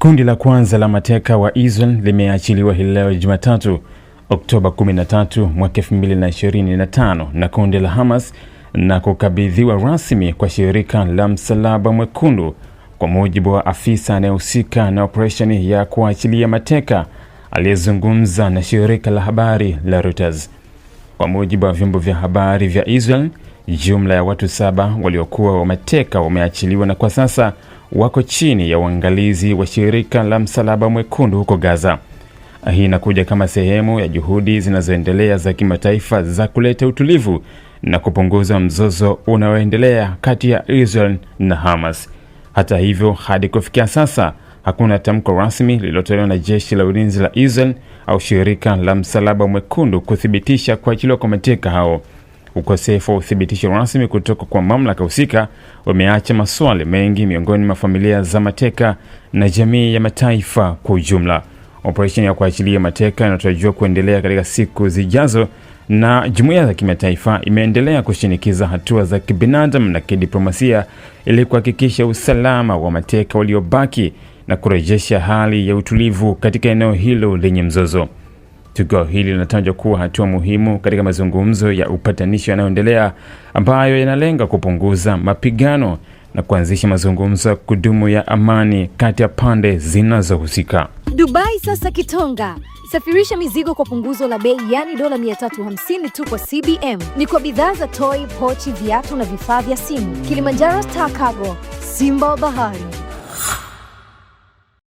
Kundi la kwanza la mateka wa Israel limeachiliwa hii leo Jumatatu, Oktoba 13 mwaka 2025 na kundi la Hamas na kukabidhiwa rasmi kwa shirika la Msalaba Mwekundu, kwa mujibu wa afisa anayehusika na operesheni ya kuachilia mateka aliyezungumza na shirika la habari la Reuters. Kwa mujibu wa vyombo vya habari vya Israel, jumla ya watu saba waliokuwa mateka wameachiliwa na kwa sasa wako chini ya uangalizi wa shirika la Msalaba Mwekundu huko Gaza. Hii inakuja kama sehemu ya juhudi zinazoendelea za kimataifa za kuleta utulivu na kupunguza mzozo unaoendelea kati ya Israel na Hamas. Hata hivyo, hadi kufikia sasa hakuna tamko rasmi lililotolewa na jeshi la ulinzi la Israel au shirika la Msalaba Mwekundu kuthibitisha kuachiliwa kwa mateka hao. Ukosefu wa uthibitisho rasmi kutoka kwa mamlaka husika umeacha maswali mengi miongoni mwa familia za mateka na jamii ya mataifa kwa ujumla. Operesheni ya kuachilia mateka inatarajiwa kuendelea katika siku zijazo, na jumuiya za kimataifa imeendelea kushinikiza hatua za kibinadamu na kidiplomasia ili kuhakikisha usalama wa mateka waliobaki na kurejesha hali ya utulivu katika eneo hilo lenye mzozo tukio Hili linatajwa kuwa hatua muhimu katika mazungumzo ya upatanishi yanayoendelea ambayo yanalenga kupunguza mapigano na kuanzisha mazungumzo ya kudumu ya amani kati ya pande zinazohusika. Dubai sasa Kitonga. Safirisha mizigo kwa punguzo la bei, yani dola 350 tu kwa CBM. Ni kwa bidhaa za toy, pochi, viatu na vifaa vya simu. Kilimanjaro Star Cargo, simba wa bahari.